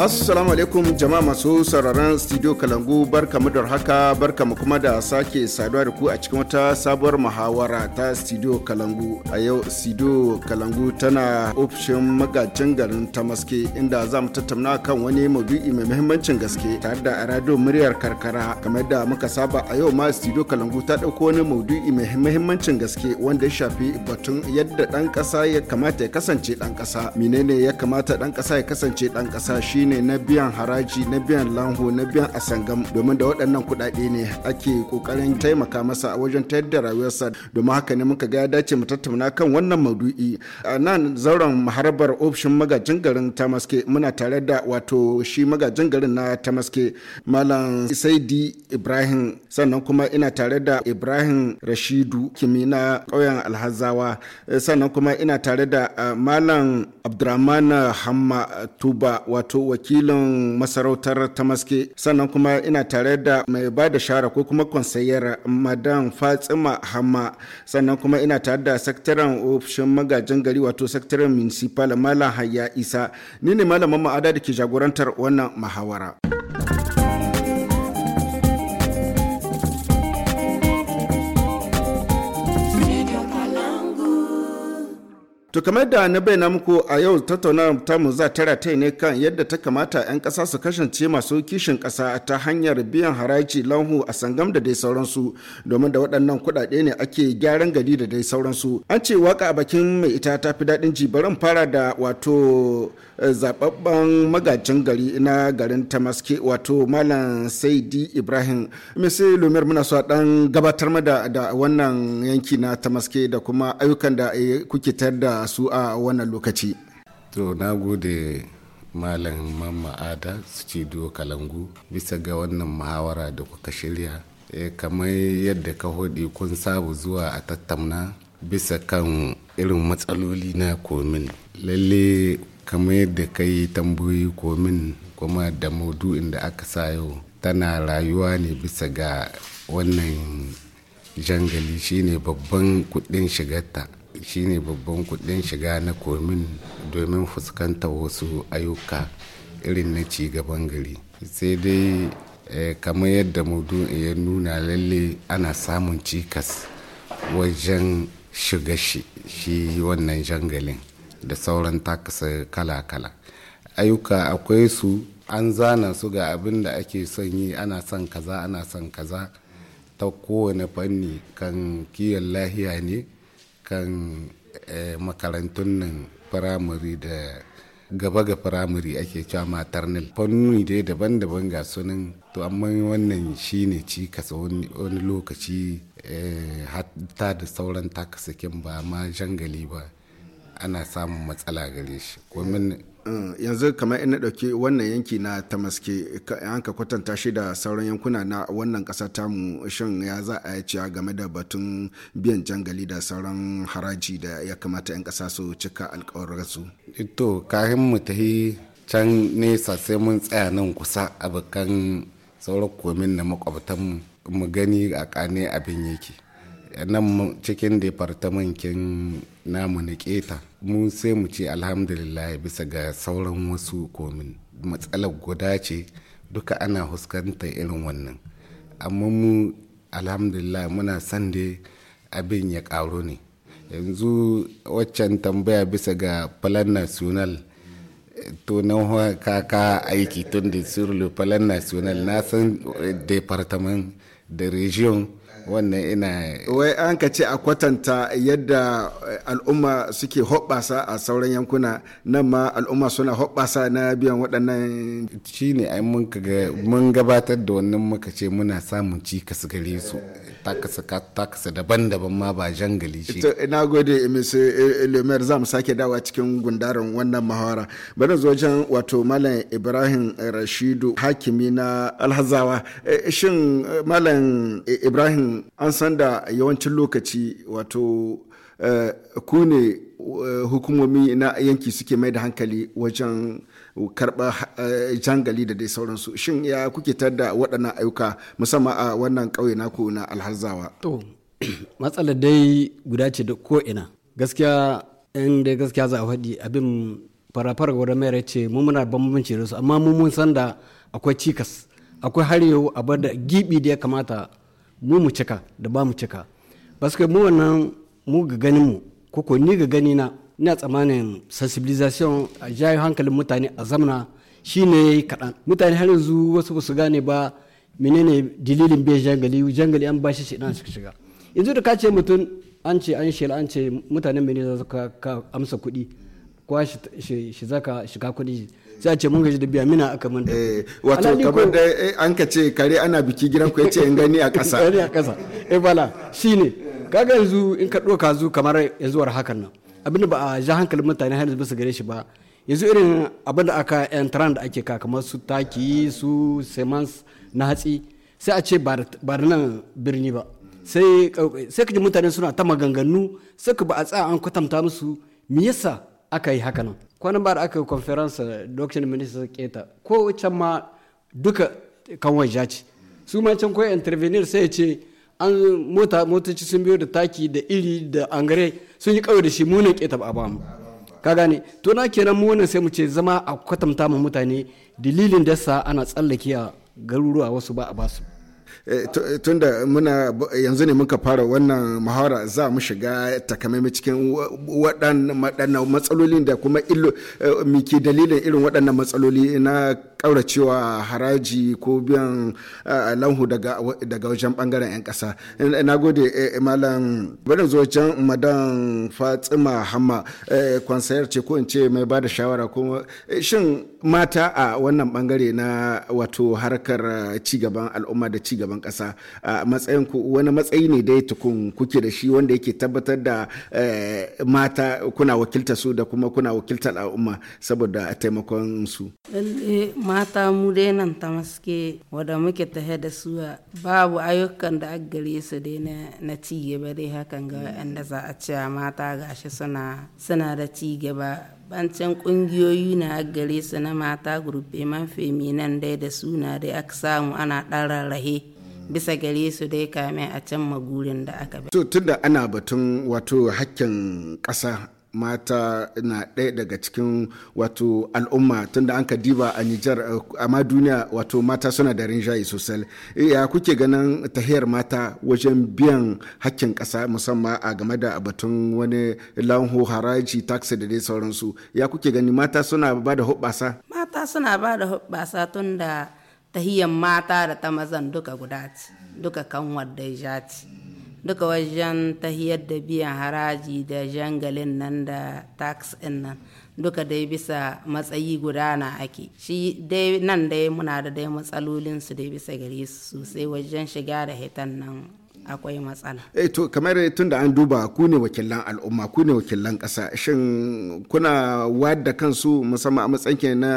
Assalamu alaikum jama'a masu sauraron studio Kalangu barkamu da haka mu kuma da sake saduwa da ku a cikin wata sabuwar muhawara ta studio Kalangu. A yau studio Kalangu tana ofishin magajin garin ta maske inda za mu tattauna kan wani maudu'i mai muhimmancin gaske tare da radio muryar karkara kamar da muka saba a yau ma studio Kalangu ta ɗauko wani maudu'i mai muhimmancin gaske wanda ya shafi batun yadda ɗan ƙasa ya kamata ya kasance ɗan ƙasa. Menene ya kamata ɗan ƙasa ya kasance ɗan ƙasa shine ne na biyan haraji na biyan lanho na biyan asangam domin da waɗannan kuɗaɗe ne ake ƙoƙarin taimaka masa a wajen tayar da rayuwarsa domin haka ne muka ga ya dace mu tattauna kan wannan maudu'i a nan zauren harabar ofishin magajin garin tamaske muna tare da wato shi magajin garin na tamaske malam saidi ibrahim sannan kuma ina tare da ibrahim rashidu kimi na ƙauyen alhazawa sannan kuma ina tare da eh, malam abdurrahman hamma tuba wato wakilin masarautar ta maske sannan kuma ina tare da mai ba da shara ko kuma konsayar madan fatima hamma sannan kuma ina tare da sakitaren ofishin magajin gari wato sakataren municipal malam haya isa ni ne malamin ma'ada da ke jagorantar wannan muhawara. To kamar da na bayyana muku a yau tattaunawar tamu za ta rataye ne kan yadda ta kamata 'yan ƙasa su kasance masu kishin ƙasa ta hanyar biyan haraji lanhu a sangam da dai sauransu domin da waɗannan kuɗaɗe ne ake gyaran gari da dai sauransu. An ce waka a bakin mai ita ta fi daɗin ji barin fara da wato eh, zababben magajin gari na garin Tamaske wato Malam Saidi Ibrahim. sai Lumir muna so a ɗan gabatar da wannan yanki na Tamaske da kuma ayyukan da eh, kuke tar da su a wannan lokaci to na gode malam mamma ada su ci kalangu bisa ga wannan muhawara da kuka shirya e, kamar yadda ka hodi kun sabu zuwa a tattauna bisa kan irin matsaloli na komin lalle kamar yadda ka yi tambayoyi komin kuma da maudu'in da aka sa yau tana rayuwa ne bisa ga wannan jangali shine babban kudin shigarta shine babban kudin shiga na komin domin fuskantar wasu ayyuka irin na ci gaban gari sai dai eh, kamar yadda mudu ya nuna lalle ana samun cikas wajen shiga shi wannan jangalin da sauran takasa kala-kala ayyuka akwai su an zana su ga abin da ake son yi ana son kaza ana son kaza ta kowane fanni kan kiyan lahiya ne kan eh, makarantun nan firamare da gaba ga firamare ake cewa nan fannoni dai daban-daban ga sunan to amma wannan shine kasa wani lokaci eh, hatta da sauran takasakin ba ma jangali ba ana samun matsala gare shi Eh, yanzu kamar in na ɗauki wannan yanki na tamaske an ka kwatanta shi da sauran yankuna na wannan ƙasa tamu shin ya za a yi ciya game da batun biyan jangali da sauran haraji da ya kamata 'yan ƙasa su cika alkawararsu. to kayan mu tahi can nesa sai mun tsaya nan kusa abokan sauran komin na makwabtan mu gani a kane abin yake nan cikin departamentin namu na keta mu sai mu ce alhamdulillah bisa ga sauran wasu komin matsalar guda ce duka ana huskanta irin wannan amma mu alhamdulillah muna son da abin ya karo ne yanzu waccan tambaya bisa ga plan national to nan kaka aiki tun da sur plan national na san departament da region wannan ina wai an ka ce a kwatanta yadda al'umma suke hoɓasa a sauran yankuna nan ma al'umma suna hoɓasa na biyan waɗannan shine ai mun gabatar da wannan muka ce muna samun cikas gare su takasa takasa daban-daban ma ba jangali shi ina gode Ms. Eh, eh, lemer za sake dawa cikin gundarin wannan mahawara. bari zo wajen wato malam ibrahim rashidu hakimi na alhazawa eh, shin malam ibrahim an san da yawancin lokaci wato ku ne hukumomi na yanki suke mai da hankali wajen karɓa eh, jangali da dai sauransu shin ya kuke da waɗannan ayuka musamman a wannan ƙauye naku na alhazawa to matsalar dai guda ce da ko ina gaskiya in dai gaskiya za a faɗi abin farafar gwada mayar ce mu muna bambanci da su amma mu mun san da akwai cikas akwai har yau a bar da gibi da ya kamata mu mu cika da ba mu cika basu mu wannan mu ga ganin mu koko ni ga gani na ina tsammanin sensibilization a jayo hankalin mutane a zamana shi ne ya yi kaɗan mutane har yanzu wasu ba su gane ba menene dalilin bai jangali jangali an bashi shi ɗan shiga yanzu da ka ce mutum an ce an shi an ce mutanen mene za su ka amsa kuɗi ko shi za ka shiga kuɗi sai a ce mun gaji da biya mina aka da eh, wato kamar da eh, an ka ce kare ana biki gidan ku ya ce gani a ƙasa gani a ƙasa eh bala shine kaga yanzu in ka ɗauka zu kamar yanzu war hakan nan abinda ba a ja hankalin mutane har ba su gare shi ba yanzu irin abin da aka entran da ake ka kamar su taki su semans na hatsi sai a ce ba da nan birni ba sai ka ji mutane suna ta maganganu sai ka ba a tsaya an kwatanta musu me yasa aka yi haka nan kwanan ba da aka yi conference doctor minister keta ko can ma duka kan waja ce su ma can ko intervenir sai ya ce an mota motoci sun biyo da taki da iri da angare sun yi kawai da shi munin ba a ba mu ka gane to na kenan mu wannan sai mu ce zama a kwatanta mu mutane dalilin da ana tsallake a garuruwa wasu ba a basu Eh, eh, tunda muna yanzu ne muka fara wannan muhawara za mu shiga takamaimai cikin waɗannan matsalolin da kuma illo eh, miki dalilin irin waɗannan matsaloli na ƙauracewa haraji ko biyan lanhu daga wajen ɓangaren 'yan ƙasa na gode malam barin zuwa wajen madan fatima hama kwansayar ce ko in ce mai ba da shawara kuma shin mata a wannan bangare na wato harkar eh, cigaban al'umma da cigaban kasa a matsayin ku wani matsayi ne dai tukun kuke da shi wanda yake tabbatar da eh, mata kuna wakilta su da kuma kuna wakiltar al'umma saboda taimakon su mata mu dai nan ta maske wadda muke ta da su eh, babu ayyukan da gare su dai na cigaba dai hakan ga wanda za a ce mata gashi suna suna da cigaba bancin kungiyoyi na gare su na mata gurfeman feminan dai da suna dai aka samu ana ɗan rarrahe bisa gare su dai kame a can magurin da aka bi. to tunda ana batun wato hakkin ƙasa mata na ɗaya daga cikin wato al'umma tunda an ka diba a Nijar eh, amma duniya wato mata suna da rinjaye sosai eh, ya kuke ganin tahiyar mata wajen biyan hakkin ƙasa musamman a game da batun wani lanho haraji taxi da dai sauransu ya kuke gani mata suna ba da hubbasa mata suna ba da hoɓɓasa tunda tahiyar mata da ta mazan duka guda ci duka kanwar da ci. duka wajen tahiyar da biyan haraji da jangalin nan da tax in nan duka dai bisa matsayi guda na ake shi dai nan dai muna da dai su dai bisa gare su sosai wajen shiga da hitan nan akwai matsala. E to kamar tun da an duba ku ne wakilan al'umma ku ne wakilan kasa shin kuna wadda kansu musamman a matsayin na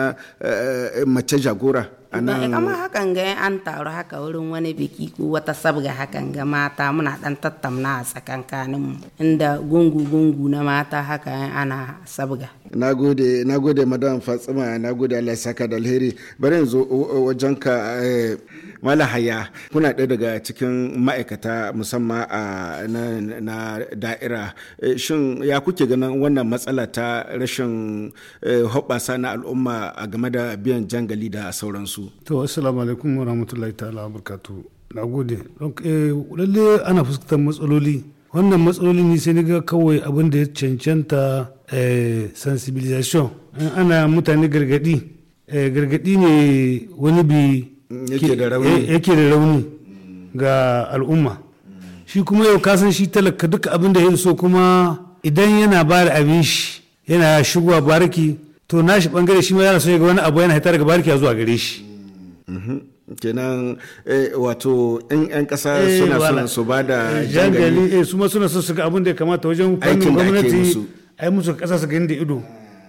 eh, mace jagora? anan kama hakan ga an taru haka wurin wani biki ko wata sabga hakan ga mata muna dan tattauna a tsakankanin mu inda gungu gungu na mata haka ana sabga nagode nagode madam fatsima nagode Allah saka da alheri bari yanzu wajen ka eh, malahaya kuna ɗaya daga cikin ma'aikata musamman a na da'ira eh, shin ya kuke ganin wannan matsala ta rashin eh, hoɓɓasa na al'umma a game da biyan jangali da sauransu to assalamu alaikum wa rahmatullahi ta'ala wa barakatuh na gode eh, lalle ana fuskantar matsaloli wannan matsaloli ne sai ga kawai abin da ya cancanta eh, sensibilisation in ana mutane gargadi eh, gargadi ne wani bi yake da rauni ga al'umma shi kuma yau kasan shi talaka duka abin da ya so kuma idan yana ba da abin shi yana shigowa barki to nashi bangare shi ma yana so ya ga wani abu yana haitar ga barki ya zuwa gare shi Mhm. kenan eh, wato in 'yan kasa eh, suna son su ba da eh, jangali su ma suna son su ga abin da ya kamata wajen fannin gwamnati a yi musu kasa su gani da ido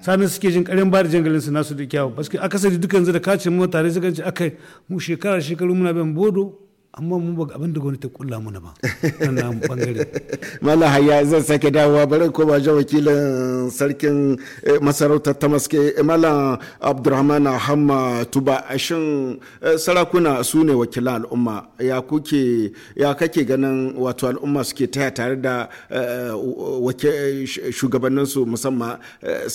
sanin suke jin karin ba da jangalin su nasu da kyawu basu akasari dukkan da kacin mutane suka ce akai mu shekara shekaru muna bin bodo amma mun ba abin da gwani ta kulla mana ba nan bangare mala hayya zan sake dawowa bari ko ba wakilin sarkin eh, masarautar ta maske eh, mala abdurrahman hamma tuba shin eh, sarakuna su ne wakilan al'umma ya kuke ya kake ganin wato al'umma suke taya tare da shugabannin su musamman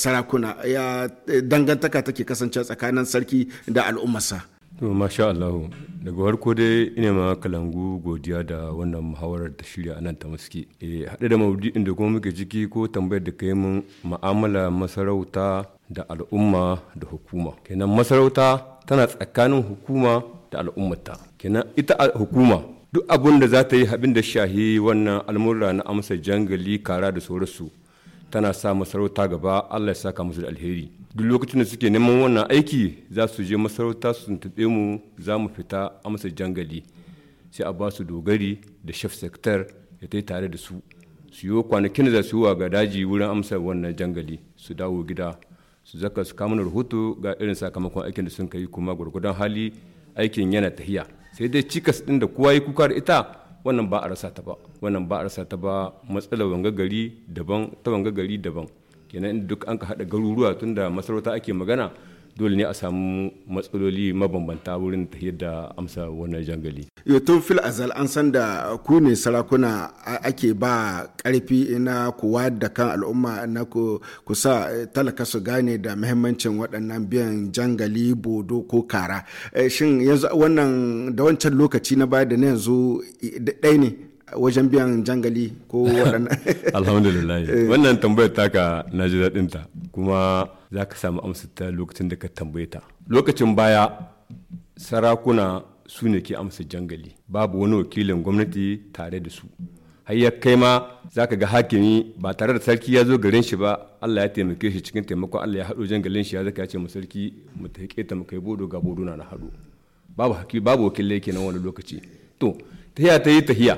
sarakuna ya dangantaka take kasance tsakanin sarki da al'ummarsa To masha Allah daga warko dai ina ma kalangu godiya da wannan muhawarar da shirya anan ta maske. E, eh, haɗe da maudu'in da kuma muke ciki ko tambayar da kai mun ma'amala masarauta da al'umma da hukuma. Kenan masarauta tana tsakanin hukuma da al'ummata. Kenan ita hukuma duk abin da za ta yi abin da shahi wannan almurra na amsa jangali kara da sauransu tana sa masarauta gaba Allah ya saka musu da alheri duk lokacin da suke neman wannan aiki za su je masarauta su tuntube mu za mu fita amsa jangali sai a ba su dogari da chef sector ya tai tare da su su yi kwanakin da za su yi ga daji wurin amsa wannan jangali su dawo gida su zaka su kama rahoto ga irin sakamakon aikin da sun kai kuma gwargwadon hali aikin yana tahiya sai dai cikas ɗin da kowa ya kuka da ita wannan ba a rasa ta ba wannan ba a rasa ta ba matsalar wanga gari daban ta wanga gari daban kenan inda duk an ka haɗa garuruwa tunda masarauta ake magana dole ne a samu matsaloli mabambanta wurin ta da amsa wannan jangali tun fil azal an san da ku ne sarakuna ake ba karfi na kuwa da kan al'umma na ku sa eh, talaka su gane da muhimmancin waɗannan biyan jangali bodo ko kara eh, shin yanzu wannan da wancan lokaci na baya da na yanzu eh, ɗai ne wajen biyan jangali ko waɗannan alhamdulillah wannan tambayar taka na ji daɗin ta kuma za ka samu amsa ta lokacin da ka tambaye ta lokacin baya sarakuna su ne ke amsa jangali babu wani wakilin gwamnati tare da su har ya kai ma za ka ga hakimi ba tare da sarki ya zo garin shi ba Allah ya taimake shi cikin taimako Allah ya haɗo jangalin shi ya zaka ya ce mu sarki mu ta mu kai bodo ga bodo na na haɗo babu hakimi babu wakilai nan wani lokaci to tahiya ta yi tahiya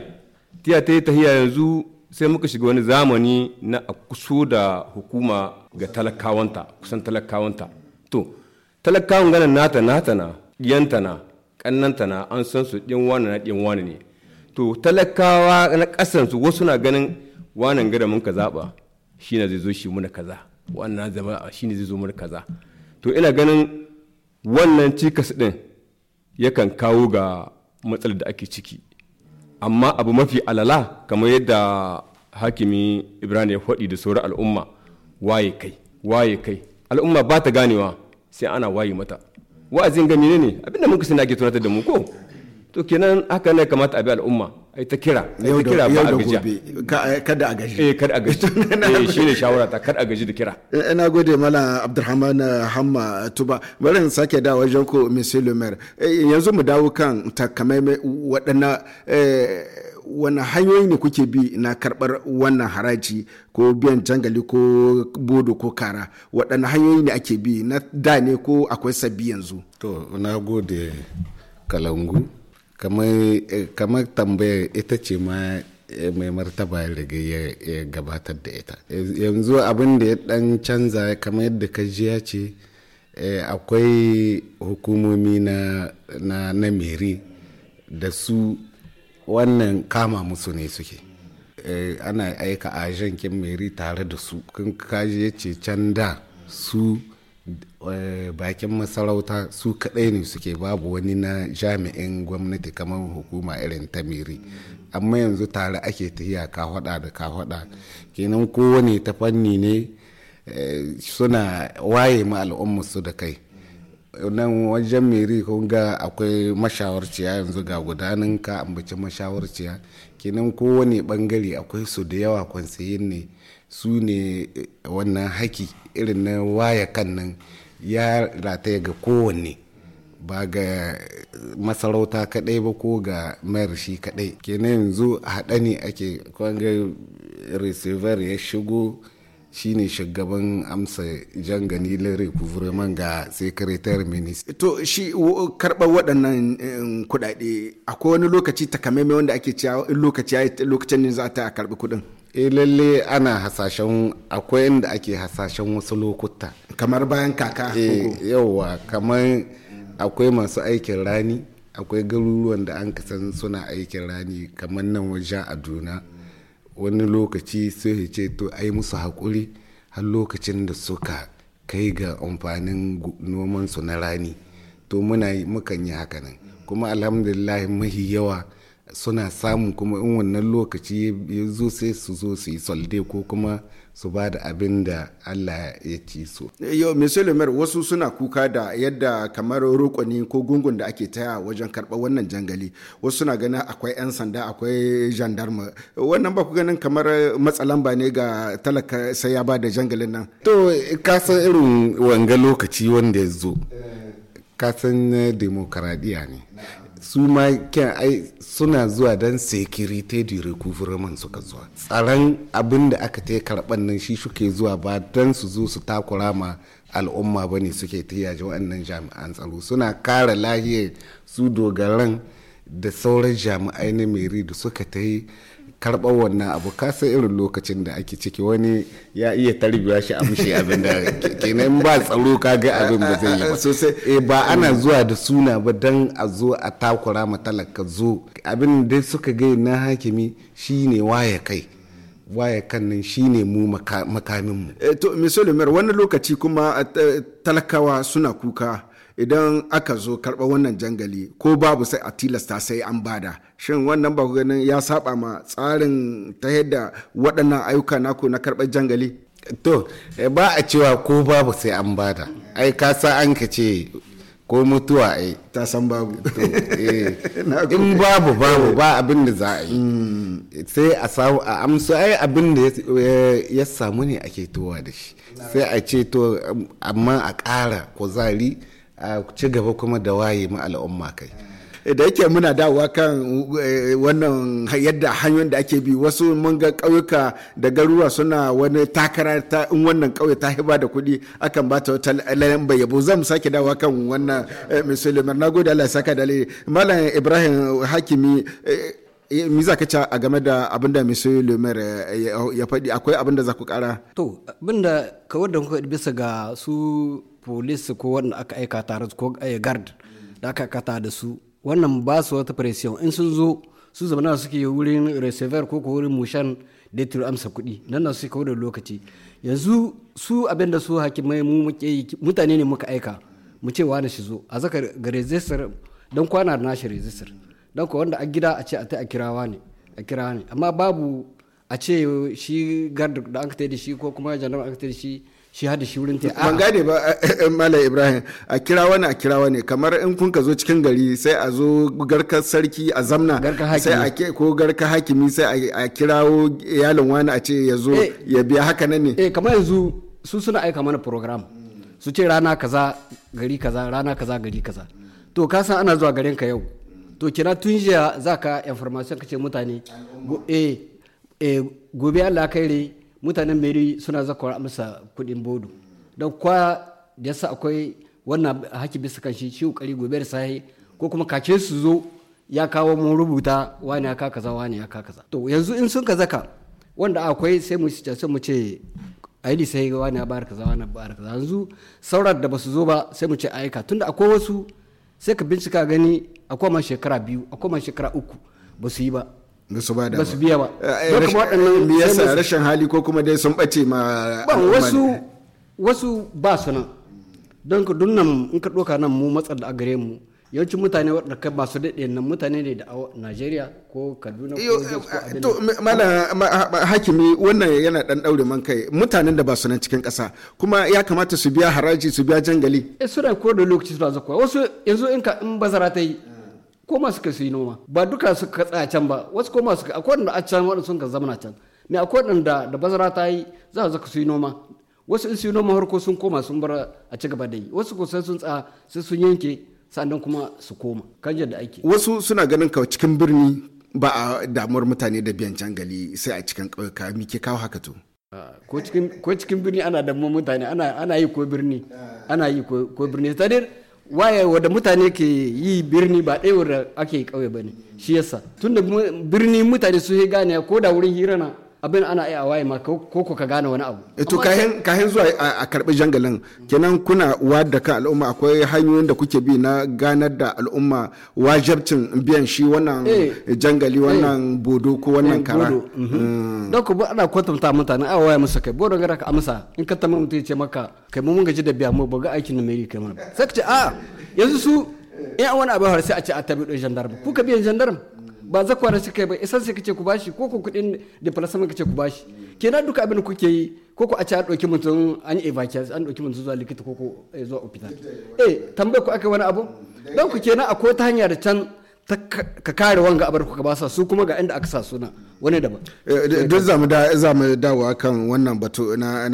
tahiya ta yi tahiya yanzu sai muka shiga wani zamani na a kuso da hukuma ga talakawanta kusan talakawanta to talakawan ganin nata nata na yanta na kannan na an san su din wani na din wani ne to talakawa na kasan su wasu na ganin wannan gada mun ka ba shi na zai zo shi muna kaza wannan zama shi ne zai zo muna kaza to ina ganin wannan cikas ɗin yakan kawo ga matsalar da ake ciki amma abu mafi alala kamar yadda hakimi ibrahim ya faɗi da sauran al'umma waye kai waye kai al'umma ba ta ganewa sai ana waye mata wa'azin ne ne abinda mun kusa nake tunatar da mu ko to kenan haka ne kamata a bi al'umma yi ta kira a ta kira ba a gaji kada a gaji eh kada a gaji eh shine shawara ta kada a gaji da kira eh, ina gode mala abdulrahman eh, hamma tuba barin sake da wajen ku monsieur le maire eh, yanzu mu dawo kan takamaimai waɗannan wani hanyoyi ne kuke bi na karɓar wannan haraji ko biyan jangali ko bodo ko kara waɗanne hanyoyi ne ake bi na da ne ko akwai sabbi yanzu to na gode kalangu kamar eh, tambayar ita ce ma eh, mai martaba daga ya gabatar da ita yanzu abin da ya dan canza kamar yadda ka jiya ce eh, akwai hukumomi na na meri da su wannan kama musu ne suke eh, ana aika kin meri tare da su kun kaji ya ce can da su eh, bakin masarauta su kadai ne suke babu wani na jami'in gwamnati kamar hukuma irin ta meri amma yanzu tare ake tahiya ka hada da ka hada kenan kowane ta fanni ne eh, suna waye ma al'ummarsu da kai nan wajen meri kun ga akwai mashawarciya yanzu ga gudanin ka ambaci mashawarciya kenan kowane bangare akwai su da yawa kwansayin ne su ne eh, wannan haki irin na waya kan nan ya rataya ga kowanne ba ga masarauta kadai ba ko ga mayar shi kadai kenan yanzu haɗa ne ake kwangar receiver ya shigo shine shugaban amsa jan gani lere kuvurman ga sekretar minis to shi karɓar waɗannan eh, kuɗaɗe akwai wani lokaci takamaimai wanda ake cewa lokaci ya lokacin ne za ta karɓi kuɗin e lalle ana hasashen akwai inda ake hasashen wasu lokuta kamar bayan kaka e eh, yawa kamar akwai masu aikin rani akwai garuruwan da an kasan suna aikin rani kamar nan wajen aduna wani lokaci sai ce to ai musu haƙuri har lokacin da suka kai ga amfanin nomansu na rani to muna mukan yi haka nan kuma alhamdulillah mahi yawa suna samun kuma in wannan lokaci ya zo sai su zo su yi solde ko kuma su ba da abin da Allah ya ci so. Yau, Mr. Lemar, wasu suna kuka da yadda kamar rukuni ko gungun da ake taya wajen karɓar wannan jangali. Wasu suna ganin akwai 'yan sanda akwai jandarma. Wannan ba ku ganin kamar ba ne ga talaka sai ya ba da jangalin nan. To, kasan irin wanga lokaci wanda ya zo. kasan demokaradiyya ne su ma kyan ai suna zuwa don security di recoverment suka zuwa tsaron abin da aka ta karɓar nan shi suke zuwa ba don su zo su takura ma al'umma ba ne suke ta yaji waɗannan jami'an tsaro suna kara lahiyar su dogaran da sauran jami'ai na meri da suka ta yi karɓar wannan abu kasa irin lokacin da ake ciki wani ya iya tarbiya shi a mushi abin da kenan ba tsaro ka ga abin ba zai yi ba sosai eh, ba ana zuwa da suna ba dan a zo a takura ma talaka zo abin da suka gai na hakimi shine waye kai waye kan nan shine mu makamin mu eh, to misali wani lokaci kuma eh, talakawa suna kuka idan aka zo karɓar wannan jangali ko babu sai a tilasta sai an bada shin wannan ba ganin ya saba ma tsarin ta yadda waɗannan ayyuka naku na karɓar jangali to eh, ba a cewa ko babu sai an bada ai ka sa an ka ce ko mutuwa ai ta san babu eh, in babu babu ba abin da za a yi mm. sai a samu a amsa ai abin da ya samu ne ake towa da shi sai a ce to um, amma a ƙara kuzari a ci gaba kuma da waye ma al'umma kai eh, da yake muna dawowa kan eh, wannan yadda hanyoyin da ake bi wasu mun ga ƙauyuka da garuruwa suna wani takara ta in wannan ƙauye ta hiba da kuɗi akan ba ta wata lamba yabo zan mu sake dawowa kan wannan eh, misali na gode Allah ya saka dalili malam Ibrahim Hakimi mi za ka ci a game da abin da Monsieur ya faɗi akwai abin da za ku ƙara? To, abin da kawar da kuka bisa ga su polis ko wanda aka aika tare ko eh, guard da aka kata da su wannan ba su wata pression in sun zo su zama na suke wurin receiver ko wurin mushan da tiro amsa kuɗi nan na su kawo da lokaci yanzu su abin da su hakimai mu muke mutane ne muka aika mu ce wani shi zo a zaka ga register dan kwana na shi register dan ko wanda a gida a ce a ta a kirawa ne a kira ne amma babu a ce shi gard da aka tayi da shi ko kuma janar aka tayi da shi shi hada shi wurin ta ban gane ba eh, eh, malam ibrahim a kira wani a kira wani kamar in kun ka zo cikin gari sai a zo garkar sarki a zamna sai a ke ko garkar hakimi sai a kirawo iyalin wani a ce ya zo eh. ya biya haka nan ne eh kamar yanzu su suna aika mana program su ce rana kaza gari kaza rana kaza gari kaza to ka san ana zuwa garin ka yau to kira tun jiya za ka information ka ce mutane eh gobe Allah kai mutanen meri suna zaka masa kudin bodu don kwa da yasa akwai wannan haki bisa kan shi shi kokari gobe da sahi ko kuma kace su zo ya kawo mun rubuta wani ya kaza wani ya kaza to yanzu in sun ka zaka wanda akwai sai mu sai mu ce aidi sai ga wani ya bar kaza wani bar kaza yanzu saurar da basu zo ba sai mu ce aika tunda akwai wasu sai ka bincika gani akwai ma shekara biyu akwai ma shekara uku ba su yi ba su ba da ba su biya ba don eh, waɗannan me yasa rashin hali ko kuma dai sun bace ma ba wasu wasu ba su nan don ka dunnan in ka ɗoka nan mu matsar da a gare mu yawancin mutane wadda kai su daɗe nan mutane ne da a Najeriya ko Kaduna ko eh, eh, to mana hakimi wannan yana dan daure man kai mutanen da ba su nan cikin ƙasa kuma ya kamata su biya haraji su biya jangali eh suna ko da lokaci suna zakwa wasu yanzu in ka in bazara ta yi koma suka su yi noma ba duka suka tsaya can ba wasu koma suka akwai wanda a can wanda sun ka zamana can ne akwai wanda da bazara ta yi za su su yi noma wasu in su yi noma harko sun koma sun bar a ci gaba da yi wasu ko sai sun tsaya sai sun yanke sannan kuma su koma kan yadda ake wasu suna ganin ka cikin birni ba a damuwar mutane da biyan can gali sai a cikin ƙauyuka me ke kawo haka to ko cikin birni ana damuwar mutane ana yi ko birni ana yi ko birni ah. ta waye wadda mutane ke yi birni ba ɗaya wanda ake yi ƙauye ba ne shi yasa tunda birni mutane su gane ko da wurin hira na abin ana iya waye ma ko ko ka gane wani abu eh, to kayan kayan zuwa a karbi jangalin kenan kuna wadda kan al'umma akwai hanyoyin da kuke bi na ganar da al'umma wajabcin biyan shi wannan eh, jangali eh, wannan bodo ko wannan kara mhm. mm. don ku ana kwatanta mutane a waye musu kai bodo gara ka amsa in ka tamar mutum ya ce maka kai mun gaji da biya mu ba ga aikin na mai kai mana sai ka ce a ah, yanzu su in wani abu har sai a ce a tabi ɗan ku kuka biyan jandarma ba zakwara shi kai ba isan sai kace ku bashi ko ku kudin da falasama kace ku bashi kenan duka abin da kuke yi ko ku a ci a dauki mutum an yi evacuation an dauki mutum zuwa likita ko ko eh, zuwa hospital eh tambaye ku aka wani abu mm. don ku kenan akwai ta hanya da can ka kare wanga abar ka ba sa su kuma ga inda aka sa suna wani daban eh, duk zamu da zamu dawo kan wannan batu na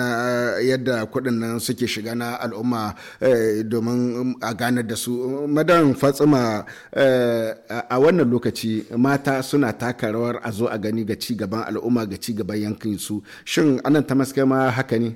yadda kuɗin nan suke shiga na al'umma eh, domin um, a ganar da su madan fatsima eh, a wannan lokaci mata suna taka rawar a zo a gani ga ci gaban al'umma ga ci gaban yankin su shin anan ta maske ma haka ne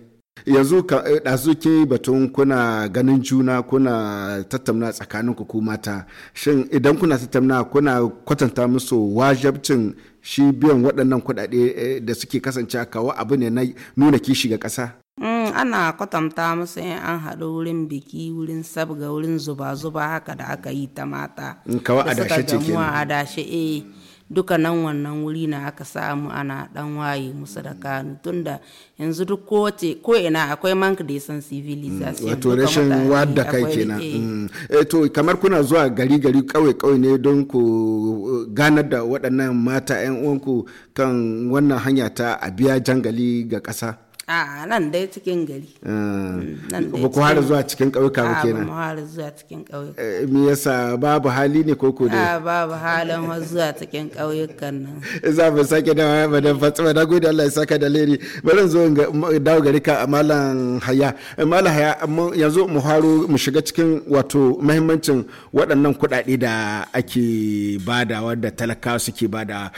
yanzu eh, ɗazu ke batun kuna ganin juna kuna tattauna tsakanin ku mata shin idan kuna tattauna kuna kwatanta musu wajabcin shi biyan waɗannan kuɗaɗe eh, da suke kasance a kawo abu ne na nuna kishi ga ƙasa mm, ana kwatanta musu in an haɗu wurin biki wurin sabga wurin zuba-zuba haka da aka yi ta mata mm, kawai adashe ce kenan eh. duka nan wannan wuri na aka samu ana dan waye musu da kanu tunda yanzu duk ko ina akwai mank da san civilization wato rashin wadda kai kenan eh. Mm. Eh, to kamar kuna zuwa gari gari kawai-kawai ne don ku uh, ganar da waɗannan mata 'yan uwanku kan wannan hanya ta a biya jangali ga ƙasa a nan dai cikin gari ah, mm, ba ku har zuwa cikin ƙauyuka ba kenan ba har zuwa cikin ƙauyuka eh, me yasa babu hali ne ko ko dai babu halin har zuwa cikin ƙauyukan nan eh, za mu sake da madan fatima da gode Allah ya saka da leri bari zo in dawo gari ka malam haya eh, malam haya amma yanzu mu haro mu shiga cikin wato muhimmancin waɗannan kuɗaɗe da ake bada wanda talakawa suke bada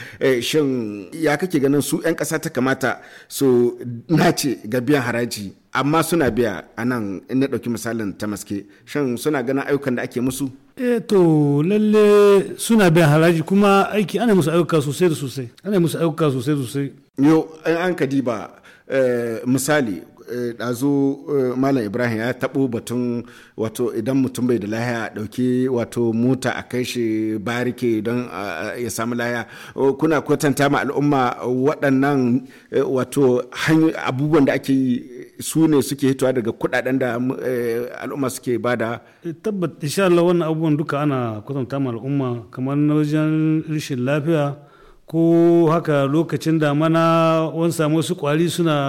shin ya kake ganin su ƴan ƙasa ta kamata su na ce ga biyan haraji amma suna biya a nan in na ɗauki misalin ta maske shan suna ganin ayyukan da ake musu e to lalle suna biyan haraji kuma aiki ana musu ayyuka sosai da sosai ana musu ayyuka sosai da sosai yo an ka diba eh, misali Eh, ɗazu eh, malam ibrahim ya taɓo batun wato idan mutum bai da lahiya a ɗauki wato mota a kai shi barike don ya samu lahiya oh, kuna kwatanta ma al'umma waɗannan eh, wato abubuwan da ake yi su ne suke hitowa daga kuɗaɗen da al'umma suke bada tabbat insha Allah wannan abubuwan duka ana kwatanta ma al'umma kamar na wajen rashin lafiya ko haka lokacin da mana wani samu wasu kwari suna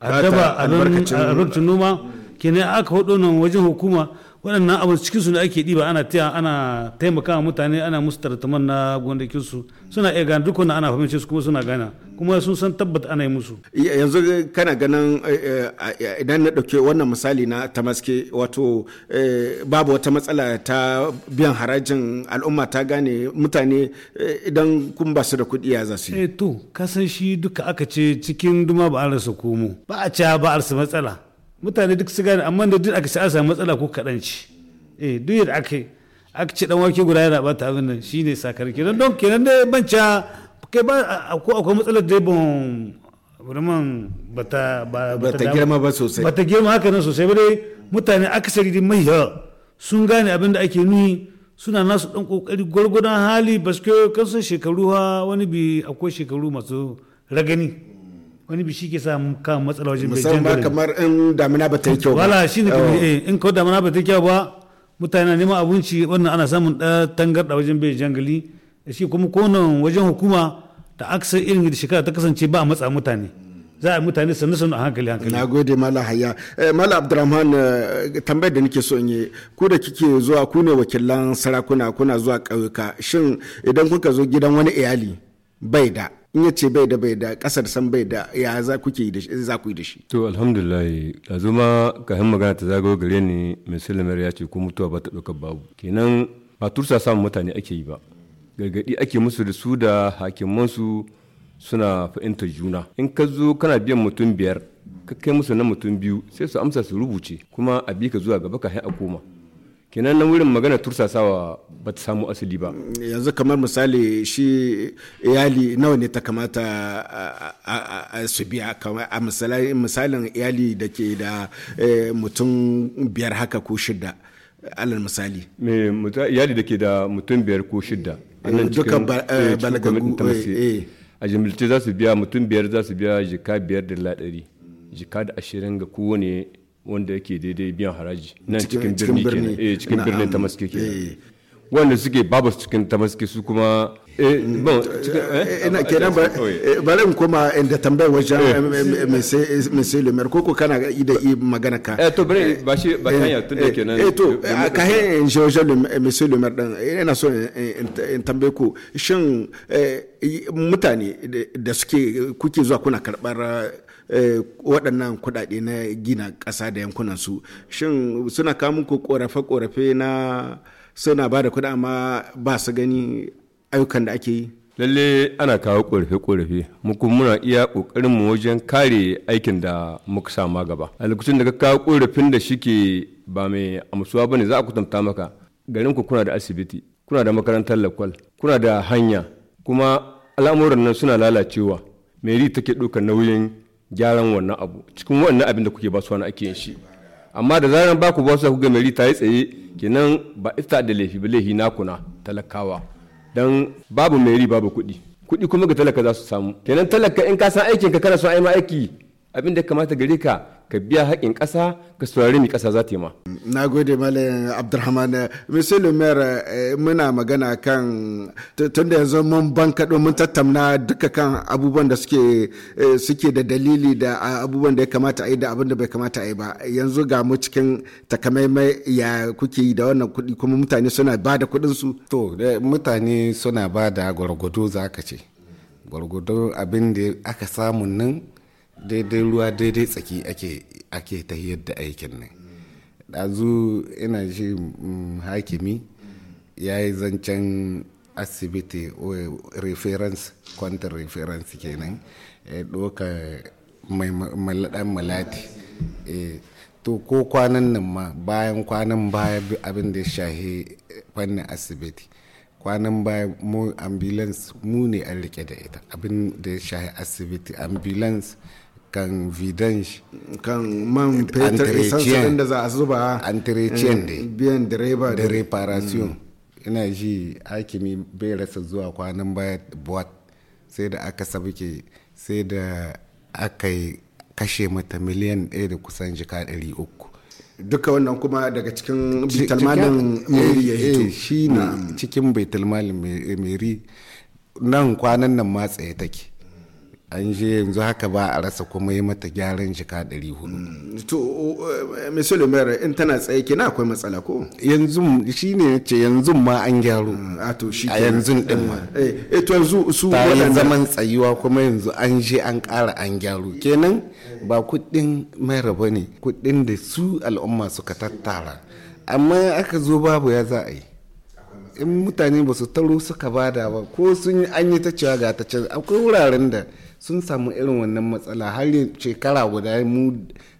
a daba albarkacin noma kenan aka hudu nan wajen hukuma waɗannan abu cikin ne ake ɗiba ana taya ana taimaka wa mutane ana musu tartaman na gonakin su suna iya gane dukkan ana fahimce su kuma suna gana kuma sun san tabbata ana yi musu yanzu kana ganin eh, eh, idan na ɗauke wannan misali na tamaske wato eh, babu wata matsala ta biyan harajin al'umma ta gane mutane idan kun ba su da kuɗi ya za su yi to kasan shi duka aka ce cikin duma ba a rasa komo ba a ca ba a rasa matsala mutane duk su gane amma da duk aka sha'a samu matsala ko kaɗan ci eh duk yadda aka yi aka ci dan wake guda yana bata abin nan shine sakar kenan don kenan dai banca kai ba akwai akwai matsalar da bon burman bata ba bata girma ba sosai bata girma haka nan sosai ba dai mutane akasari dai mai sun gane abin da ake nuni suna nasu dan kokari gwargwadon hali baske kansu shekaru ha wani bi akwai shekaru masu ragani wani bishi ke sa ka matsala wajen bai jan garin kamar in damina ba ta yi kyau ba wala shi ne kamar eh, in ko damina ba ta yi kyau ba mutane na neman abinci wannan ana samun ɗan tangarɗa wajen bai jangali da shi kuma konan wajen hukuma da aksa irin da shekara ta kasance ba a matsa mutane za a mutane sannu sannu a hankali hankali na gode mala hayya eh, mala abdurrahman eh, tambayar da nake so in yi ku da kike zuwa ku ne wakilan sarakuna kuna zuwa ƙauyuka shin idan kuka zo gidan wani iyali bai da in ya ce bai da bai da kasar san bai da ya za kuke yi da shi za ku yi da shi to alhamdulillah da zuma ka hin magana ta zago gare ni mai ya ce ko mutuwa ba ta ɗaukar babu kenan ba tursa samun mutane ake yi ba gargadi ake musu da su da hakimansu suna fahimtar juna in ka zo kana biyan mutum biyar ka kai musu na mutum biyu sai su amsa su rubuce kuma a bi ka zuwa gaba ka hai a koma kenan nan wurin magana tursasawa ba ta samu asali ba yanzu kamar misali shi iyali nawa ne ta kamata a su biya a misalin iyali da ke da eh, mutum biyar haka ko shida alal misali iyali da ke da mutum biyar ko shida a nan eh, cikin eh, kwamitin a jimilce za su biya mutum biyar za su biya jika biyar da ladari jika da ashirin ga kowane wanda yake daidai biyan haraji nan cikin birni kenan eh cikin birnin tamaske kenan eh. wanda suke babu cikin tamaske su kuma eh, eh? ina kenan bari in koma inda tambayar wajen monsieur le maire koko kana ida magana ka eh to bari ba shi ba hanya tun da kenan eh to ka he in je wajen monsieur le maire din ina so in tambaye ku shin mutane da suke kuke zuwa kuna karbar Eh, waɗannan kuɗaɗe na gina ƙasa da yankunan su shin suna kamun ku ƙorafe-ƙorafe na suna ba da kuɗa amma ba su gani ayyukan da ake yi lalle ana kawo ƙorafe-ƙorafe mu muna iya ƙoƙarin mu wajen kare aikin da muka sama gaba a lokacin da ka kawo ƙorafin da shike ba mai amsuwa bane za a kutamta maka garin ku kuna da asibiti kuna da makarantar lakwal kuna da hanya kuma al'amuran nan suna lalacewa meri take ɗaukar nauyin gyaran wannan abu cikin wannan abin da kuke ba su wani ake yin shi amma da zarar ba ku ba su ga mai ta yi tsaye kenan ba ita da laifi ba laifi na kuna talakawa dan babu mai babu kuɗi kuɗi kuma ga talaka za su samu kenan talaka in ka san aikin ka kana son ai aiki abin da kamata gare ka ka biya haƙin ƙasa ka saurari mai ƙasa za ta yi ma. na gode malam abdulrahman monsieur le eh, muna magana kan tun da yanzu mun ban kaɗo mun tattauna duka kan abubuwan da suke eh, suke da dalili da abubuwan da ya kamata a yi da abin da bai kamata a yi ba yanzu ga mu cikin takamaimai ya kuke yi da wannan kuɗi kuma mutane suna ba da kuɗin su. to mutane suna ba da gwargwado za ka ce gwargwado abin da aka samu nan daidai ruwa daidai tsaki ake ake ta yadda aikin ne ɗazu ina shi mm, hakimi ya yi zancen asibiti reference counter reference kenan ya ɗoka malaɗan malati e, to ko kwanan nan ma bayan kwanan baya abin da ya shahi fannin asibiti kwanan baya mu ambulance mu ne an rike da ita abin da ya shahi asibiti ambulance kan vidan shi kan man fetur isansu da za a zuba antirecien eh, da biyan direba da reparation ina ji hakimi bai rasa zuwa kwanan baya buwat sai da aka sabuke sai da aka yi kashe mata miliyan ɗaya da kusan jika ɗari uku duka wannan kuma daga cikin bitalmalin meri ya eh, hito eh, shi ne mm. cikin bitalmalin meri nan kwanan nan ma tsaye take an je yanzu haka ba a rasa kuma yi mata gyaran jika 400 mm. to eh, mr le in tana tsaye kina akwai matsala ko yanzu ya ce yanzu ma an gyaro mm, a to shi a yanzu din ma eh, eh to yanzu su wannan zaman tsayuwa kuma yanzu an je an ƙara an gyaro kenan ba kuɗin maira ne kuɗin da su al'umma suka tattara amma aka zo babu ya za a yi in mutane ba su taro suka bada ba ko sun yi an yi ta cewa ga ta akwai wuraren da sun samu irin wannan matsala har shekara guda mu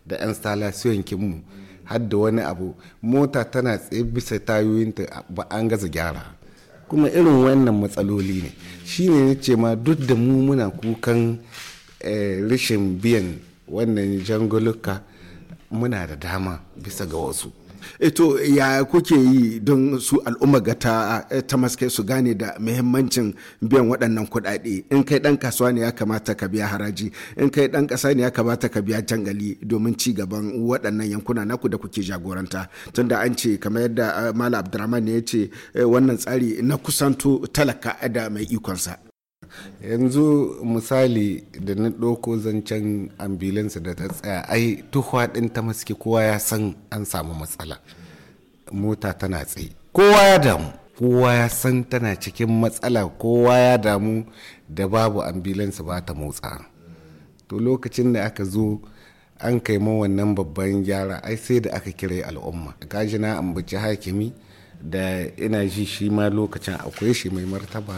da yan salasiyon kinmu har da wani abu mota tana tsaye bisa tayoyinta ba an gaza gyara kuma irin wannan matsaloli ne shi ne ce ma duk da mu muna kukan eh, rashin biyan wannan janguluka muna da dama bisa ga wasu ito eh, ya kuke yi don su al'umma ga eh, ta maske su gane da muhimmancin biyan waɗannan kuɗaɗe in kai ɗan kasuwa ne ya kamata ka biya haraji in kai ɗan ƙasa ne ya kamata ka biya jangali domin ci gaban waɗannan yankuna naku da kuke jagoranta tunda an ce kamar yadda eh, mala abdurrahman ne ya ce wannan tsari na kusanto talaka da mai ikonsa. yanzu misali da na ɗauko zancen ambulance da ta tsaya ai tuhwa ɗin ta maske kowa ya san an samu matsala mota tana tsaye kowa ya damu kowa ya san tana cikin matsala kowa ya damu da babu ambulance ba ta motsa to lokacin da aka zo an kai ma wannan babban gyara ai sai da aka kira al'umma gajina ambaci hakimi da ina ji shi ma lokacin akwai shi mai martaba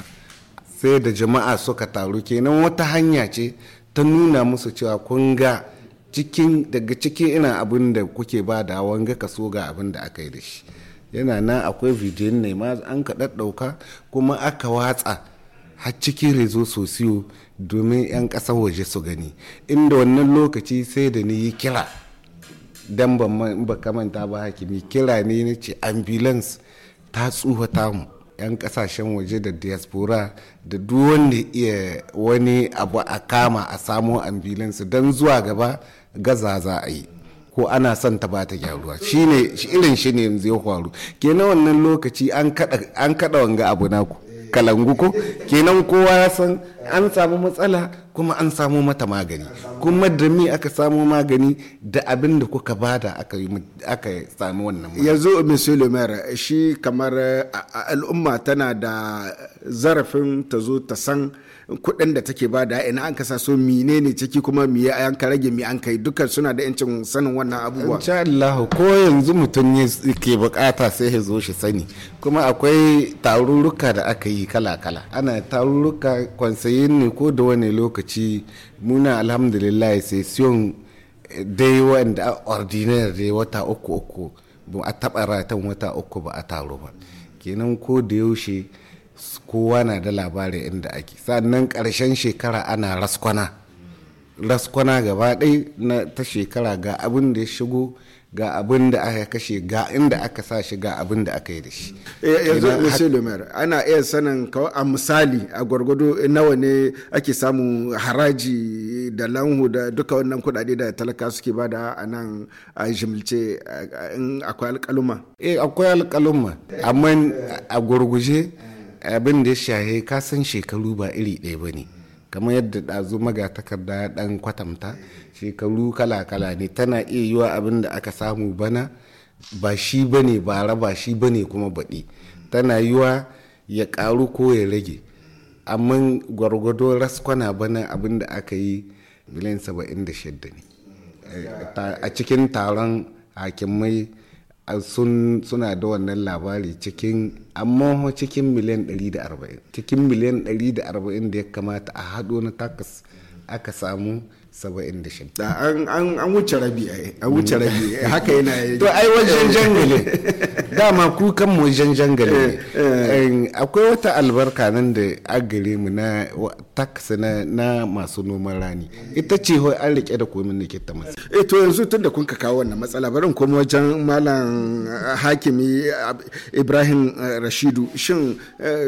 sai da jama'a suka taru kenan wata hanya ce ta nuna musu cewa kun ga cikin daga cikin ina abin da kuke ba da wanga kaso ga abin da aka yi da shi yana nan akwai bidiyon ne ma an ka ɗauka kuma aka watsa har cikin rezo sosiyo domin 'yan ƙasar waje su gani inda wannan lokaci sai da ni yi kira dan ba kamanta ba hakimi kira ne na ce ambulance ta tsufa tamu 'yan kasashen waje da diaspora da duk wanda iya wani abu a kama a samo ambulansu don zuwa gaba gaza za a yi ko ana son ta bata gyaruwa shine irin shi ne yanzu ya faru kenan wannan lokaci an kada wanga abu naku kalangu ko kenan kowa ya san an samu matsala kuma an samo mata magani kuma da mi aka samo magani da abin da kuka bada aka sami samu wannan yanzu monsieur le maire shi kamar al'umma tana da zarafin ta zo ta san kuɗin da take da ina an kasa so mine ne ciki kuma miye an ka rage mi an kai dukkan suna da yancin sanin wannan abubuwa insha Allah ko yanzu mutum ne ke bukata sai ya zo shi sani kuma akwai tarurruka da aka yi kala kala ana tarurruka kwansayin ne ko da wani lokaci muna alhamdulillah sai siyon eh, dai wanda ordinary dai wata uku uku ba a taɓa ratan wata uku ba a taro ba kenan ko da yaushe kowa na da labari inda ake sannan karshen shekara ana raskwana raskwana gaba ɗai na ta shekara ga abin da ya shigo ga abin da aka kashe ga inda aka sa shi ga abin da aka yi da shi eh, eh, yanzu misali ana iya sanin a misali a gwargwado nawa ne ake samun haraji da lanhu da duka wannan kudade da talaka suke bada a nan a jimilce in akwai alkaluma eh akwai alkaluma amma a gurguje abin da ya shahe kasan shekaru ba iri ɗaya ba ne kamar yadda ɗazu magatakarda ɗan kwatamta shekaru kala-kala ne tana iya yiwa abin da aka samu bana ba shi ba ne bara raba shi ba ne kuma baɗi tana yiwa ya ƙaru ko ya rage amma gwargwado raskwana bana abin da aka yi miliyan 76 ne eh, a cikin taron hakimai sun suna da wannan labari cikin amma cikin miliyan 140 cikin miliyan 140 da ya kamata a hado na takas aka samu 76 an wuce rabi ai an wuce rabi haka yana to ai wajen jangale dama ku kan mu wajen jangale eh, eh. akwai wata albarka nan da agare mu na tax na masu noman rani ita ce ho an rike da komin da ke ta masu eh to yanzu tunda kun ka kawo wannan matsala barin kuma wajen malam eh, hakimi Ibrahim Rashidu shin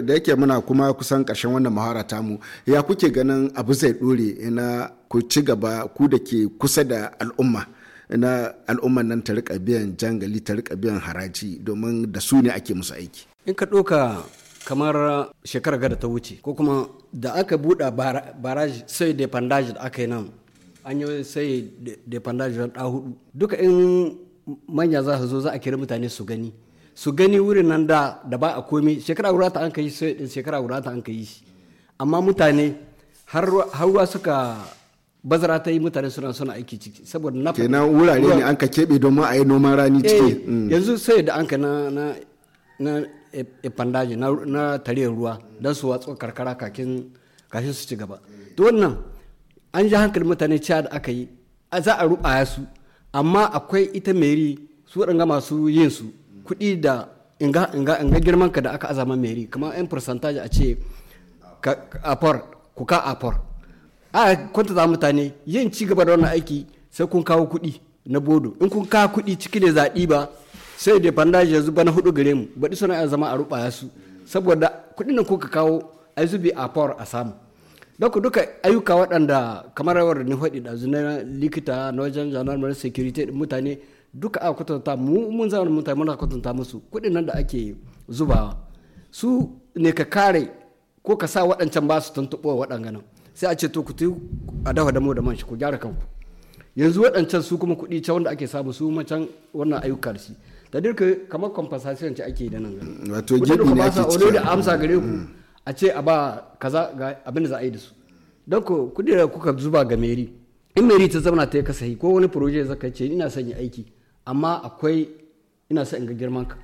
da yake muna kuma kusan karshen wannan mahara tamu ya kuke ganin abu zai dore na ku ci gaba ku da ke kusa da al'umma na al'umman nan ta rika biyan jangali ta rika biyan haraji domin da su ne ake musu aiki in ka ɗauka kamar shekarar gada ta wuce ko kuma da aka buɗa baraji sai da pandaji da aka yi nan an yi sai da fandaji da hudu duka in manya za su zo za a kira mutane su gani su gani wurin nan da da ba a komi shekara guda ta an kai sai shekara guda ta an kai shi amma mutane har ruwa suka bazara ta yi mutane suna suna aiki ciki saboda na kenan wurare ne an ka kebe don ma a yi noman rani eh, ciki mm. yanzu sai da an ka na na na tare tariyar ruwa don su watsu karkara kakin kakin su ci gaba to wannan an ji hankali mutane ciya da aka yi za a rubaya su amma akwai ita meri su waɗanga masu yin su kuɗi da inga inga inga girman ka da aka azama meri kamar 'yan percentage a ce apor kuka apor a za mutane yin ci gaba da wannan aiki sai kun kawo kuɗi na bodo in kun kawo kuɗi ciki ne zaɓi ba sai da bandaji yanzu na hudu gare mu baɗi suna zama a ruɓaya su saboda kuɗi nan kuka kawo a zubi a power a samu ku duka ayyuka waɗanda kamar yawar ni faɗi da na likita na wajen janar mara security mutane duka a kwatanta mu mun zama mutane muna kwatanta musu kuɗin nan da ake zubawa su ne ka kare ko ka sa waɗancan ba su tuntuɓo waɗanganan sai a ce to ku ta a dafa damo da man shi ku gyara kanku yanzu waɗancan su kuma kuɗi can wanda ake samu su macan wannan ayyuka da shi da dirka kamar compensation ce ake da nan wato gidi ne ake ciki da amsa gare ku mm. a ce a ba kaza ga abin da za a yi da su don ku kuɗi da kuka zuba ga meri in meri ta zama ta yi kasahi ko wani proje ka ce ina son yi aiki amma akwai ina son in ga girman ka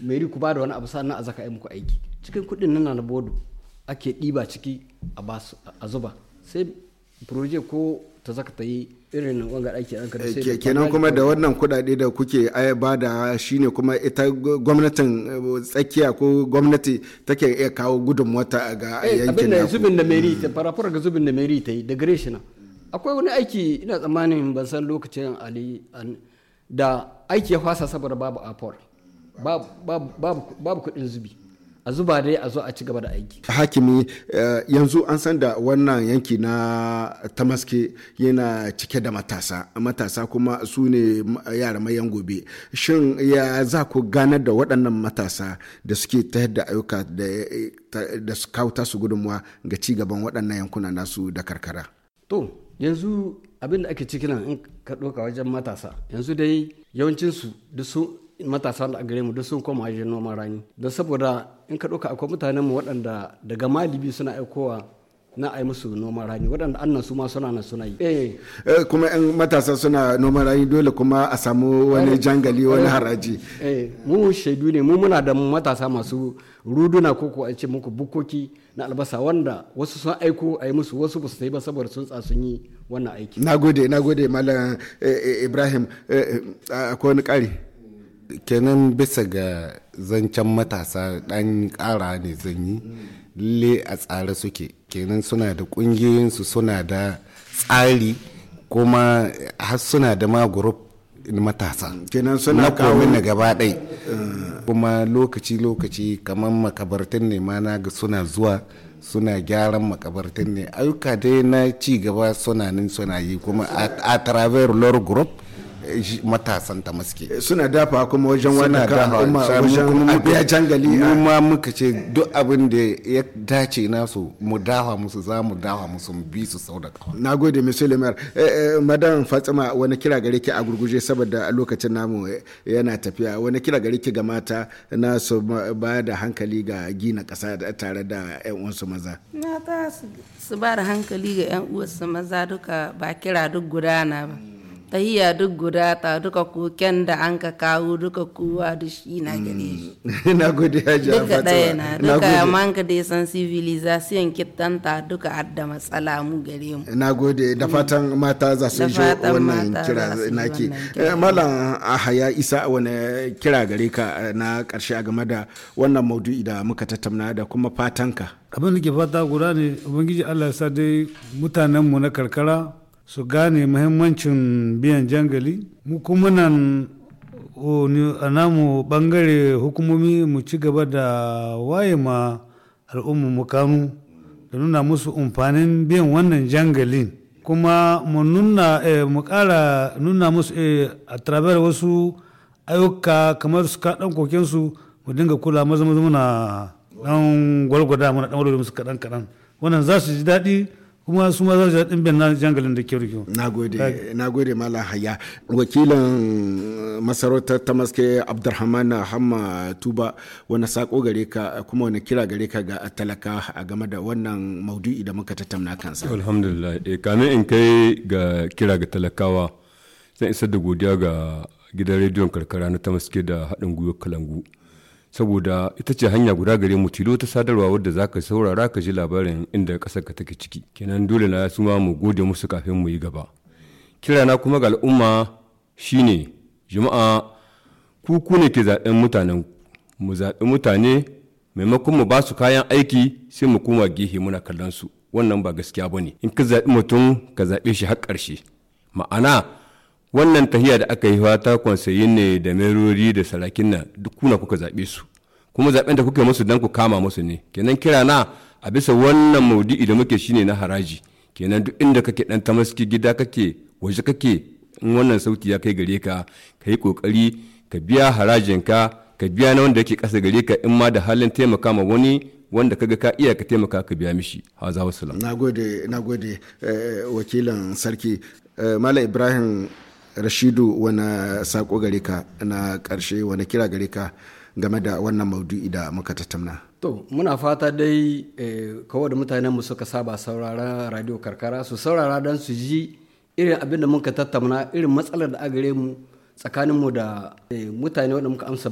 meri ku ba da wani abu sannan a zaka yi muku aiki cikin kuɗin nan na bodu ake ɗiba ciki a zuba sai proje ko ta zaka ta yi irin wanga ake an kada eh, sai kenan kuma da wannan kuɗaɗe da kuke ba da shine kuma ita gwamnatin eh, tsakiya ko gwamnati take iya kawo gudun wata ga eh, yankin naku abin da zubin da meri ta mm. farafar ga zubin da meri ta yi da greshina akwai wani aiki ina tsammanin ban san lokacin ali da aiki ya fasa saboda babu afor babu kuɗin zubi a zuba dai a zo a ci gaba da aiki. Hakimi eh, yanzu an san da wannan yanki na Tamaske yana cike da matasa, matasa kuma su ne yara mayan gobe. Shin ya za ku ganar da waɗannan matasa da suke ta da ayyuka da su kawo tasu gudunmuwa ga ci gaban waɗannan yankuna nasu da karkara? To, yanzu abin da ake ciki nan in ka ɗauka wajen matasa, yanzu dai yawancinsu da su. matasa da a gare mu duk sun koma ajiyar noman rani don saboda in ka ɗauka akwai mutanen mu waɗanda daga malibi suna aikowa na yi musu noman rani waɗanda annan su ma suna nan suna yi eh. Eh, kuma yan matasa suna noman rani dole kuma a samu wani eh. jangali wani haraji mu shaidu ne mu muna da matasa masu ruduna ko ko a ce muku bukoki na albasa wanda wasu sun aiko a yi musu wasu basu yi ba saboda sun sun yi wannan aiki nagode nagode malam ibrahim akwai wani kari. kenan bisa ga zancen matasa dan kara ne zan yi lalle a tsare suke kenan suna da ƙungiyoyinsu suna da tsari kuma har suna da ma gurup matasa kenan suna kawo na eh, gaba ɗai kuma lokaci-lokaci kamar makabartin ne ma na ga suna zuwa suna gyaran makabartin ne ayyuka dai na ci gaba suna nan suna yi kuma a travers lor group matasan ta maske eh, suna dafa kuma wajen wani kama wajen abiya jangali mu eh. ma muka ce duk abin da ya dace nasu mu dawa musu za mu dawa musu mu bi su sau da kawai nagode monsieur le maire eh, madam fatima wani kira gare ki a gurguje saboda lokacin namu yana tafiya wani kira gare ki ga mata na su ba da hankali ga gina kasa tare da yan uwansu maza ta su ba da hankali ga yan uwansu maza duka ba kira duk gudana ba tahiya duk guda ta duka kuken da an ka kawo duka kowa da shi na gare shi na gode ya ji duka ɗaya na duka amma ka dai san civilization ta duka adda matsala mu gare mu na gode hmm. da fatan mata za su ji wannan kira naki eh, malam ahaya isa wani kira gare ka eh, na karshe a game da wannan maudu'i da muka tattauna da kuma fatanka abin da ke fata guda ne ubangiji allah ya sa dai mutanenmu na karkara su gane muhimmancin biyan jangali mu kuma nan a namu bangare hukumomi mu ci gaba da waye ma al'ummar kanu da nuna musu amfanin biyan wannan jangalin kuma mu nuna eh, mu kara nuna musu eh, a travel wasu ayyuka kamar su kaɗan kokensu mu dinga kula maza maza muna dan gwalgwada muna dan musu kaɗan kaɗan wannan za su ji daɗi kuma su ma za su jaɗin bin na jangalin da kyau Na gode Malam Haya. Wakilin eh, masarautar ta maske Abdurrahman Hamma Tuba wani sako gare ka kuma wani kira gare ka ga talaka a game da wannan maudu'i da muka tattauna kansa. Alhamdulillah. Eh, kamin in kai ga kira ga talakawa zan isar da godiya ga gidan rediyon karkara na ta maske da haɗin gwiwar kalangu. saboda ita ce hanya guda gare mu tilo ta sadarwa wadda zaka saurara ka ji labarin inda kasar ka take ciki kenan dole na su ma mu gode musu kafin mu yi gaba kirana kuma ga al'umma shine jama'a ku ku ne ke zaɓen mutanen mu zaɓi mutane maimakon mu ba su kayan aiki sai mu koma gehe muna kallon su wannan ba gaskiya bane in ka zaɓi mutum ka zaɓe shi har ƙarshe ma'ana wannan tahiya da aka yi ta konsayin ne da merori da sarakin nan duk kuna kuka zaɓe su kuma zaɓen da kuka musu dan ku kama musu ne kenan kira na a bisa wannan maudu'i da muke shine na haraji kenan duk inda kake dan maski gida kake waje kake in wannan sauti ya kai gare ka ka yi kokari ka biya harajin ka ka biya na wanda yake ƙasa gare ka in ma da halin taimaka ma wani wanda kaga ka iya ka taimaka ka biya mishi haza wasu nagode nagode eh, wakilan sarki eh, malam ibrahim rashidu wani sako gare ka na karshe wani kira gare ka game da wannan maudu'i da muka tattauna to muna fata dai eh, kawo da mutanen mu suka saba saurara radio karkara su saurara don su ji irin abin da muka tattauna irin matsalar da a gare mu tsakanin mu da eh, mutane wanda muka amsa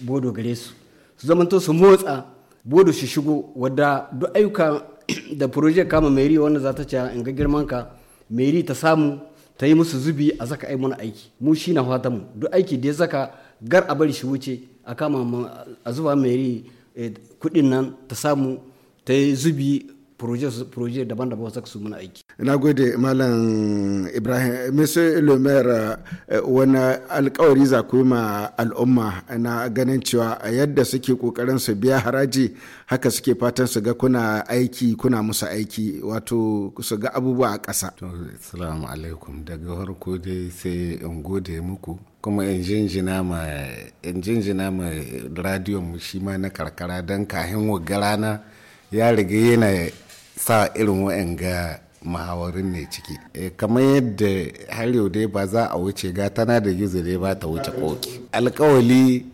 bodo gare su su zamanto su motsa bodo su shigo wadda duk ayyuka da project kama meri wanda za ta ce in ga girman ka meri ta samu ta yi musu zubi a zaka ai mana aiki mu shi na fatan mu duk aiki da ya zaka gar a bari shi wuce a kama a zuba mai eh, kudin nan ta samu ta yi zubi projet daban-daban wasu su muna aiki. Na gode Malam Ibrahim, Mr. Lumer wani alkawari za ku ma al'umma na ganin cewa yadda suke kokarin su biya haraji haka suke fatan su ga kuna aiki kuna musu aiki wato su ga abubuwa a ƙasa. Assalamu alaikum daga farko dai sai in gode muku kuma in jinjina ma in radiyon mu shi ma na karkara don kahin wa rana ya riga yana sa irin ga muhawarin ne ciki eh, kamar yadda har yau dai ba za a wuce gatana da gizo dai ba ta wuce koki alkawali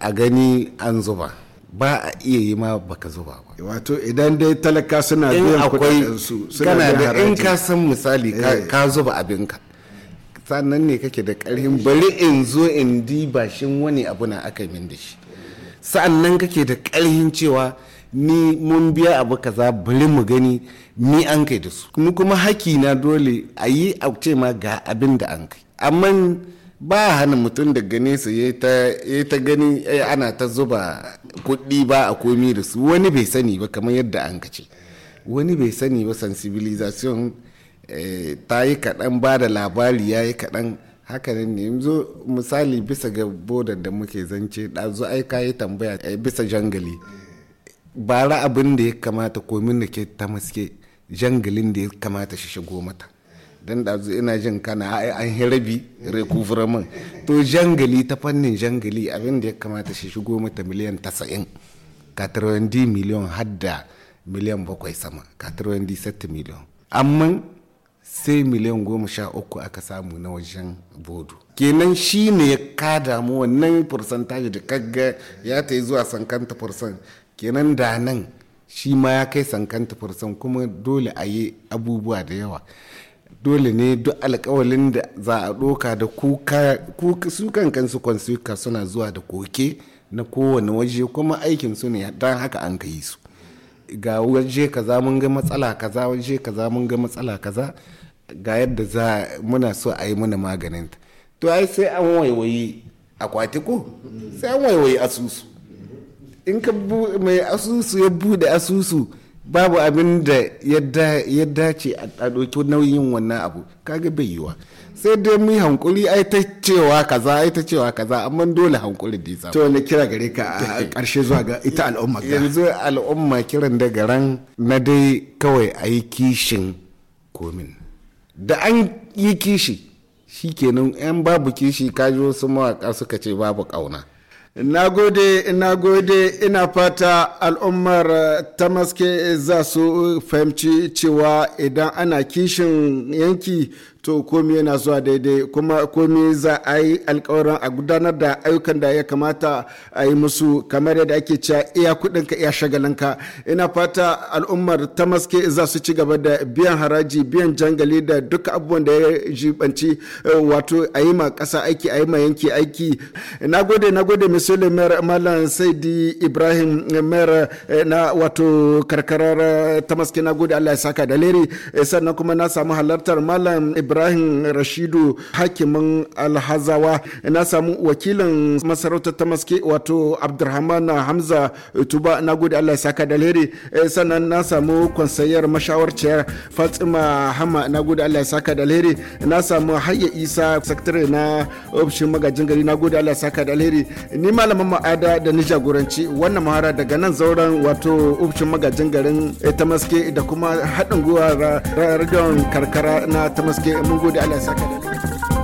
a gani an zuba ba a iya yi ma baka zuba ba wato idan dai talaka suna biyan kudin su suna da in ka san misali eh. ka zuba abinka sannan ne kake da ƙarfin bari in zo in di bashin wani abu na aka min da shi sa'annan kake da ƙarfin cewa ni mun biya abu kaza bari mu gani ni an kai da su ni kuma haki na dole a yi a ce ma ga abin da an kai amma ba hana mutum daga nesa ya ta gani eh, ana ta zuba kuɗi ba a komi da su wani bai sani ba kamar yadda an kace wani bai sani ba sensibilization eh, ta yi kaɗan ba da labari ya yi kaɗan haka ne yanzu misali bisa ga bodar da muke zance ɗazu aika ya tambaya eh, bisa jangali bara abin da ya kamata komin da ke ta maske jangalin da ya kamata shi shigo mata don da ina jin kana an hirabi recoverment to jangali ta fannin jangali abin da ya kamata shi shigo mata miliyan 90 di miliyan hadda miliyan bakwai sama di sati miliyan amma sai miliyan goma sha uku aka samu na wajen bodu kenan shi ne ya kada mu wannan fursantaji da kaga ya ta yi zuwa sankanta fursan kenan da nan shi ma ya kai sankanta tafarsan kuma dole a yi abubuwa da yawa dole ne duk alkawalin da za a ɗoka da kuka su kankan su kwansuka suna zuwa da koke na kowane waje kuma aikin su ne don haka an ka yi su ga waje kaza mun ga matsala kaza waje kaza mun ga matsala kaza ga yadda za muna so a yi mana maganinta to ai sai an waiwayi akwati sai an waiwayi asusu in ka mai asusu ya bude asusu babu abin da ya dace a ɗauki nauyin wannan abu kaga bai yiwa sai dai mu hankuli ai ta cewa kaza ai ta cewa kaza amma dole hankuli da yasa to ne kira gare ka a ƙarshe zuwa ga ita al'umma yanzu al'umma kiran da garan na dai kawai a yi kishin komin da an yi kishi shikenan yan babu kishi kaji wasu mawaƙa suka ce babu ƙauna na gode na gode ina fata al'ummar eh, tamaske za su fahimci cewa idan ana kishin yanki to komi yana zuwa daidai kuma komi za a yi alkawarin a gudanar da ayyukan da ya kamata a yi musu kamar yadda ake cewa iya kudinka iya shagalinka ina fata al'ummar ta maske za su ci gaba da biyan haraji biyan jangali da duk abubuwan da ya jibanci eh, wato a yi ma ƙasa aiki a yi ma yanki aiki na gode na gode mayar malam saidi ibrahim eh, mayar eh, na wato karkarar ta maske na gode allah ya saka da leri sannan kuma na samu halartar malam ibrahim ibrahim rashidu hakimin alhazawa na samu wakilin masarautar ta maske wato abdurrahman hamza tuba na gode allah ya saka da alheri eh, sannan na samu kwansayar mashawarciyar fatima hama na gode allah ya saka da alheri na samu hayya isa sakatare na ofishin magajin gari na gode allah ya saka da alheri ni malamin ma'ada da ni jagoranci wannan mahara daga nan zauren wato ofishin magajin garin eh, ta maske da kuma haɗin gwiwa eh, radiyon karkara na ta maske mun gode Allah ya saka da